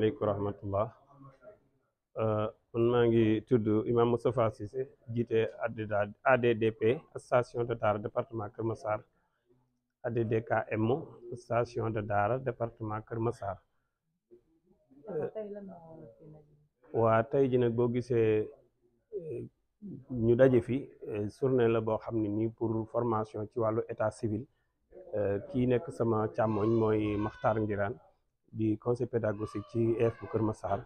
asalaamaaleykum rahmatullah uh, man maa ngi tudd imam Moustapha Cissé jiite ADDP station de Daara département Kër Massar ADDKM station de Daara département Kër Massar uh, waa tey ji nag boo gisee uh, ñu daje fi journée la boo xam ne nii pour formation ci wàllu état civil kii nekk sama càmmoñ mooy Makhtar Ngiraan di conseil pédagogique ci EF bu Kër Massar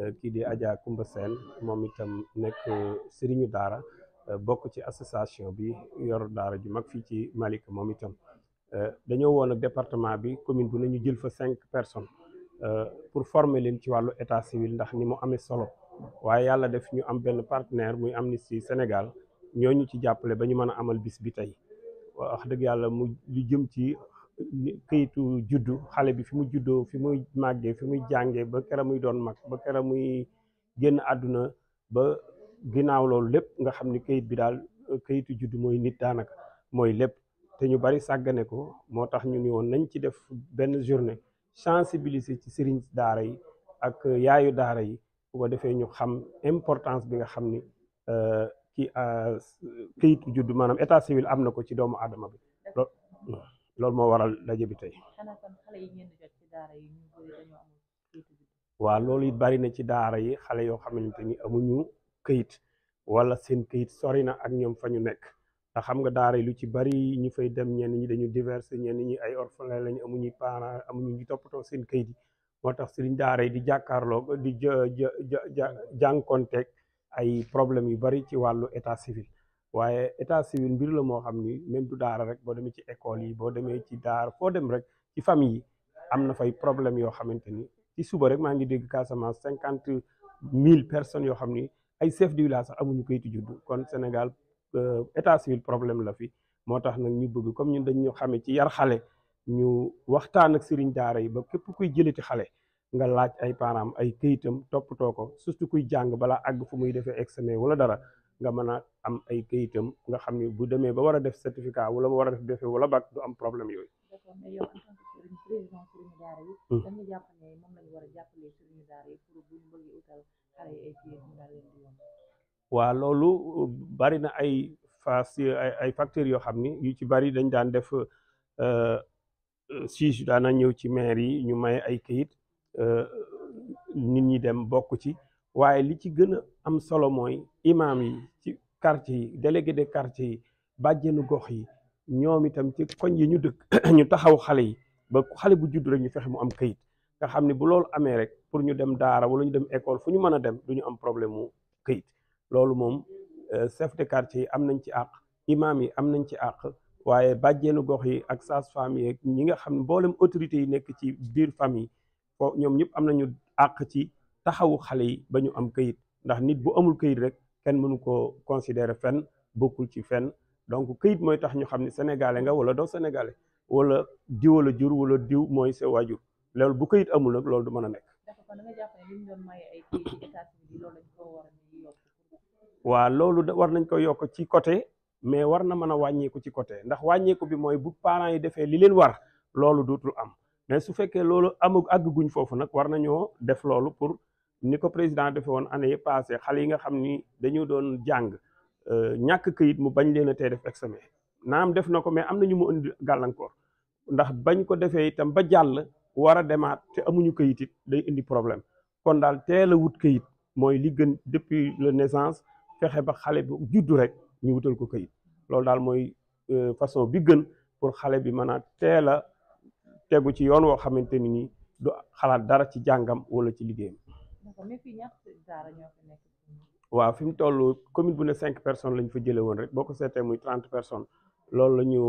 eh, kii di ajaa Koumba seen moom itam nekk eh, sëriñu daara eh, bokk ci association bi yor daara ju mag fii ci Malika moom itam dañoo woon ak département bi commune bu nañu jël fa cinq personnes pour former leen ci wàllu état civil ndax ni mu amee solo waaye yàlla def ñu am benn partenaire muy Amnesty ñoo ñu ci jàppale ba ñu mën a amal bis bi tey wax dëgg yàlla mu lu jëm këyitu juddu xale bi fi mu juddoo fi muy màggee fi muy jàngee ba kera muy doon mag ba kera muy génn àdduna ba ginnaaw loolu lépp nga xam ni këyit bi daal këyitu juddu mooy nit daanaka mooy lépp te ñu bari sàggane ko moo tax ñu ni woon nañ ci def benn journée sensibiliser ci sëriñ daara yi ak yaayu daara yi bu ko defee ñu xam importance bi nga xam ni euh, ki euh, këyitu juddu maanaam état civil am na ko ci doomu aadama bi loolu mo waral dajé bi tay wa loolu it bari na ci daara yi xalé yo xamanteni amuñu keuyit wala seen keuyit sori na ak ñom fañu nek nekk xam nga daara yi lu ci bari ñu fay dem ñen ñi dañu divers ñen ñi ay orphelin lañu amuñu parents amuñu ñu topato seen keuyit yi moo tax sëriñ daara yi di jakarlo di jankontek ay problème yu bari ci walu état civil waaye état civil mbir la moo xam ni même du daara rek boo demee ci école yi boo demee ci daara foo dem rek ci famille yi am na fay problème yoo xamante ni ci suba rek maa ngi dégg Casamance cinquante mille personnes yoo xam ni ay chef de village amuñu kayitu juddu kon Sénégal euh, état civil problème la fi moo tax nag ñu bëgg comme ñun dañu xamee ci yar xale ñu waxtaan ak sëriñ daara yi ba képp kuy jëlati xale nga laaj ay parents ay kayitam toppatoo ko surtout kuy jàng balaa àgg fu muy defee examen wala dara nga mën a am ay kayitam nga xam ni bu demee ba war a def certificat wala mu war a def defee wala bac du am problème yooyu. d'accord hmm. loolu bari na ay fas ay yoo xam ni yu ci bari dañ daan def juge euh, euh, daana ñëw ci maire yi ñu may ay kayit euh, nit ñi dem bokk ci. waaye li ci gën a am solo mooy imaam yi ci quartier yi délégué de quartier yi bàjjenu gox yi ñoom itam ci koñ yi ñu dëkk ñu taxaw xale yi ba xale bu judd rek ñu fexe mu am kayit nga xam ne bu loolu amee rek pour ñu dem daara wala ñu dem école fu ñu mën a dem du ñu am problème mu kayit loolu moom euh, chef de quartier yi am nañ ci àq imaam yi am nañ ci àq waaye bàjjeenu gox yi ak sages-femmes yi ñi nga xam mboolem autorités yi nekk ci biir famille foo ñoom ñëpp am nañu àq ci taxawu xalé yi bañu am kayit ndax nit bu amul kayit rek kenn mënu ko considérer fenn bokul ci fenn donc kayit moy tax ñu xamni sénégalais nga wala do sénégalais wala diiw wala jur wala diiw moy sé wajur lool bu kayit amul nak lool du mëna nek wa waa loolu war nañ ko yok ci côté mais war na mëna wañé ko ci côté ndax ko bi moy bu parents yi défé li leen war loolu dootul am mais su fekkee loolu amul ag guñ fofu nak war nañu def loolu pour. ni ko président defe woon année yi passé xale yi nga xam ni dañu doon jàng euh, ñàkk këyit mu bañ leen a tey def examen naam def na ko mais am na ñu mu indi gàllankoor ndax bañ ko defee itam ba jàll war a demaat te amuñu këyit it day indi problème kon daal teel a wut këyit mooy li gën depuis la naissance fexe ba xale bu juddu rek ñu wutal ko këyit loolu daal mooy euh, façon bi gën pour xale bi mën a teel a tegu ci yoon woo xamante ni du xalaat dara ci jàngam wala ci liggéeyam. waaw fi mu toll commune bu ne cinq personnes lañ fa jëlee woon rek boo ko seetee muy trente personnes loolu la ñu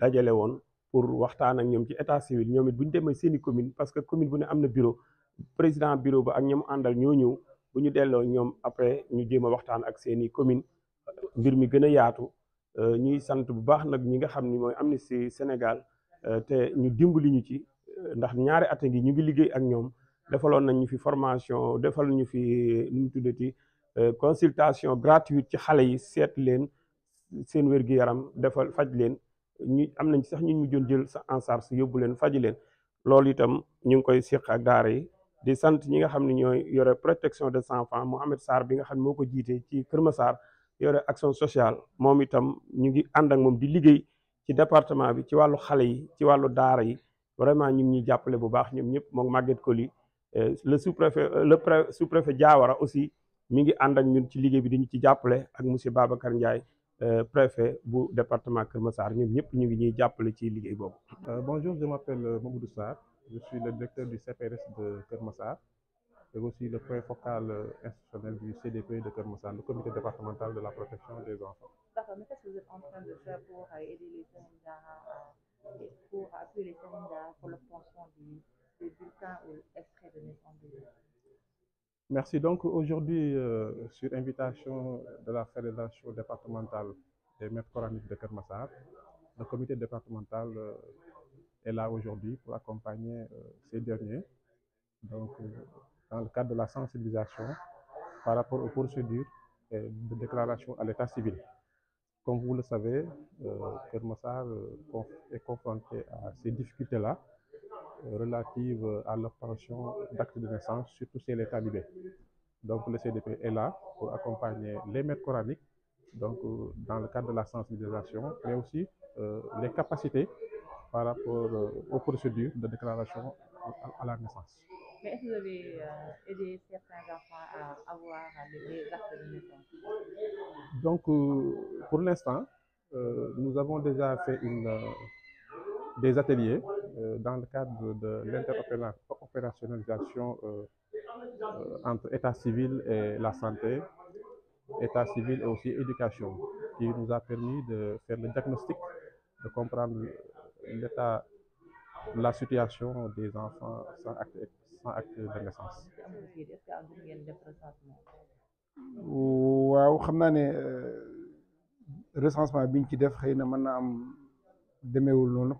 dajale woon pour waxtaan ak ñoom ci état civil ñoomit it bu ñu demee seeni commune parce que commune bu ne am na bureau président bureau ba ak ñoom àndal ñoo ñëw bu ñu delloo ñoom après ñu jéem a waxtaan ak seeni commune mbir mi gën a yaatu euh, ñuy sant bu baax nag ñi nga xam ni mooy am si Sénégal euh, te ñu dimbali ñu ci ndax ñaari ate a ngi ñu ngi liggéey ak ñoom. defaloon nañ ñu fi formation defal ñu fi nu ñu tuddati euh, consultation gratuite ci xale yi seet leen seen wér-gu-yaram defal faj leen ñu am nañ sax ñu mujjoon jël sa en charge yóbbu leen faj leen loolu itam ñu ngi koy seq ak daara yi di sant ñi nga xam ne ñooy yore protection de des enfants Mouhamed Sarr bi nga xam ne moo ko jiitee ci Kër Massar yore action sociale moom itam ñu ngi ànd ak moom di liggéey ci département bi ci wàllu xale yi ci wàllu daara yi vraiment ñu ngi ñuy jàppale bu baax ñoom ñëpp moom Maguette Coly Euh, le sous-préfet euh, le sous-préfet Diawara aussi mi ngi ànd ak ñun ci liguey bi diñu ci jappalé ak monsieur Babacar Ndiaye euh, préfet du département de Kermassar, ñun ñu ngi ñuy jappalé ci bonjour je m'appelle Mamoudou Sar je suis le directeur du CPRS de Kermassar, et aussi le point focal institutionnel du CDP de Kermassar, le comité départemental de la protection des enfants. D'accord, mais qu'est-ce que vous êtes en train de faire pour aider les jeunes pour appuyer les jeunes pour pension du ou de Merci. Donc aujourd'hui, euh, sur invitation de la Fédération départementale des maîtres coraniques de Kermassar, le comité départemental euh, est là aujourd'hui pour accompagner euh, ces derniers. Donc, dans le cadre de la sensibilisation par rapport aux procédures et de déclaration à l'état civil. Comme vous le savez, Kermassar est confronté à ces difficultés-là relative à l'obtention d'actes de naissance, surtout chez les talibés. Donc le CDP est là pour accompagner les maîtres coraniques, donc euh, dans le cadre de la sensibilisation, mais aussi euh, les capacités par rapport euh, aux procédures de déclaration à, la naissance. Mais est-ce que vous avez aidé certains enfants à avoir les actes de naissance Donc, pour l'instant, nous avons déjà fait une, des ateliers euh, dans le cadre de l'interopérationnalisation euh, euh, entre état civil et la santé, état civil et aussi éducation, qui nous a permis de faire le diagnostic, de comprendre l'état, la situation des enfants sans acte, sans acte de naissance. waaw xam recensement ci def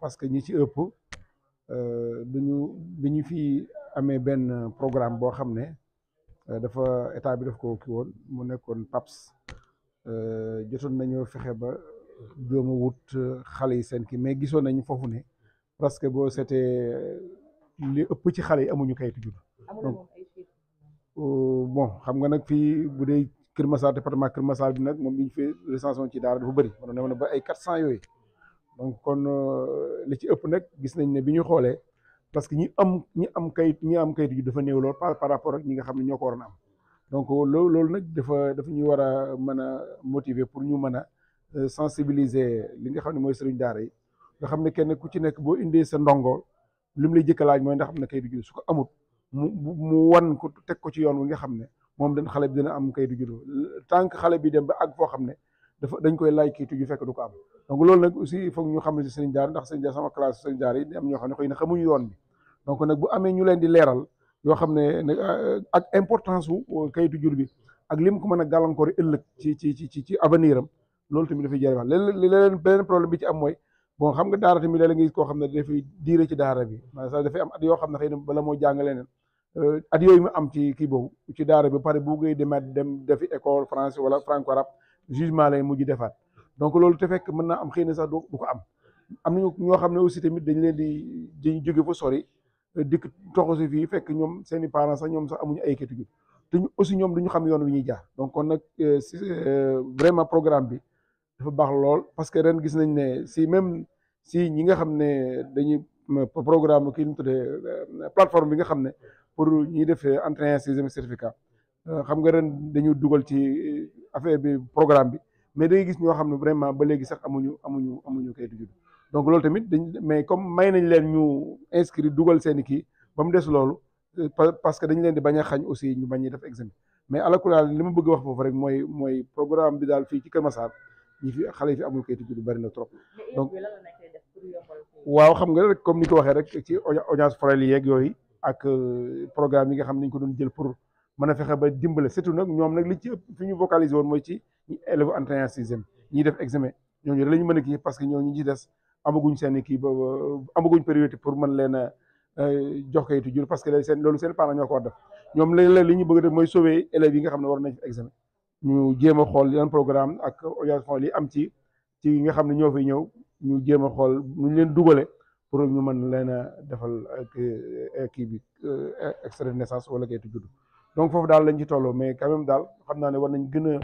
parce que ñi ci Euh, duñu bi ñu fi amee benn programme boo xam ne euh, dafa état bi daf ko kii woon mu nekkoon PAPS euh, jotoon nañoo fexe ba doomu wut xale yi seen ki mais gisoon nañu foofu ne que boo seetee li ëpp ci xale yi amuñu kayitu juddu donc bon xam nga nag fii bu dee Kër Massar département bi nag moom bi ñu fi recensé woon ci daara dafa bëri mano ne ba ay quatre cent yooyu donc kon euh, li ci ëpp nag gis nañ ne bi ñu xoolee parce que ñi am ñi am kayit ñi am kayit yu dafa néew lool par par rapport ak ñi nga xam ne ñoo ko waroon am donc loolu loolu nag dafa dafa ñuy war a mën a motiver pour ñu mën a euh, sensibiliser li nga xam ne mooy sëriñ daara yi nga xam ne kenn ku ci nekk boo indee sa ndongo li mu lay jëkk laaj mooy ndax am na kayit yu su ko amut mu mu wan ko teg ko ci yoon wi nga xam ne moom dañ xale bi dina am kayit yu tant xale bi dem ba àgg foo xam ne. dafa dañ koy laaj kii tuju fekk du ko am donc loolu nag aussi foog ñu xam ne si sëriñ ndax sëriñ daara sama classe sëriñ daara yi am ñoo xam ne xëy na xamuñu amee ñu leen di leeral yoo xam ne euh, ak importance wu euh, kayitu jur bi ak lim ko mën a gàllankoor ëllëg ci ci ci ci ci avenir am loolu tamit dafay jëriñ wax leneen beneen problème bi ci am mooy bon xam nga daara tamit léeg-léeg nga gis koo xam ne dafay diire ci daara bi maanaam dafay am at yoo xam ne xay na bala moo jàngalee leen euh, at yooyu mu am ci kii boobu ci daara bi pare bu ngay demaat dem defi école français wala franco arabe jugement lay mujj defaat donc loolu te fekk mën naa am xëy na sax du ko am am nañu ñoo xam ne aussi tamit dañu leen di dañ jóge fa sori dikk toxusi fii fekk ñoom seen i sax ñoom sax amuñu ay kati gi te aussi ñoom duñu xam yoon wi ñuy jaar donc kon nag euh, euh, vraiment programme bi dafa baax lool parce que ren gis nañ ne si même si ñi nga xam ne dañuy euh, programme kii ñu tuddee plateforme bi nga xam ne pour ñuy def entraînement sixième certificat Euh, xam nga ren dañu dugal ci euh, affaire bi programme bi mais da gis ñoo xam ne vraiment ba léegi sax amuñu amuñu amuñu kayitu juddu donc loolu tamit dañ mais comme may nañ leen ñu inscrit dugal seen i kii ba mu des loolu euh, parce que dañu leen di bañ a xañ aussi ñu bañ a def examen mais alakulaal li ma bëgg wax foofu rek mooy mooy programme bi daal fii ci Kër Massar ñi fi xale yi fi amul kayitu juddu bari na trop donc waaw xam nga rek comme ni ko waxee rek ci audience forel yi yeeg yooyu ak programme yi nga xam ne ko doon jël pour mën a fexe ba dimbale surtout nag ñoom nag li ci ëpp fi ñu vocaliser woon mooy ci élève entrée en sixième ñiy def examen ñooñu la ñu mën a kii parce que ñoo ñu ci des amaguñ seen kii ba amaguñ priorité pour mën leen a euh, jox kayitu jur parce que seen loolu seen parents ñoo ko ñoom léeg-léeg ñu bëgg def mooy sauver élèves yi nga xam ne war nañ fi examen ñu jéem a xool yan programme ak orientation li am ci ci yi nga xam ne ñoo fi ñëw ñu jéem a xool ñu leen dugale pour ñu mën leen a defal euh, kii bi euh, extrait de naissance wala kayitu juddu donc foofu daal lañu ci tolloo mais quand même daal xam naa ne war nañ gën a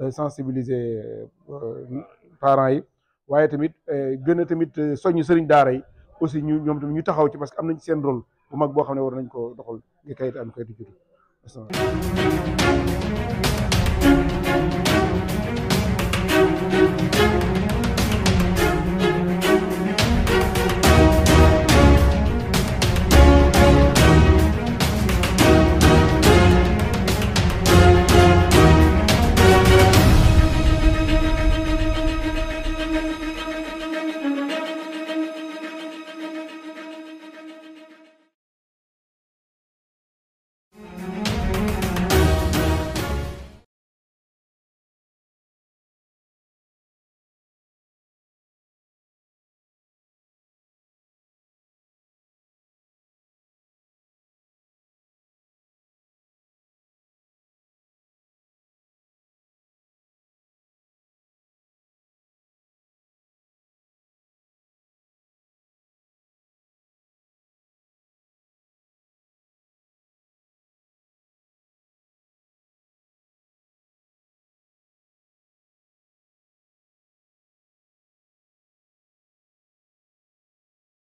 euh, sensibiliser euh, parent yi waaye tamit euh, gën a tamit soñ sëriñ daara yi aussi ñu ñoom tamit ñu taxaw ci parce que am nañ seen rôle bu mag boo xam ne war nañ ko doxal nga kayit am kayitu juddu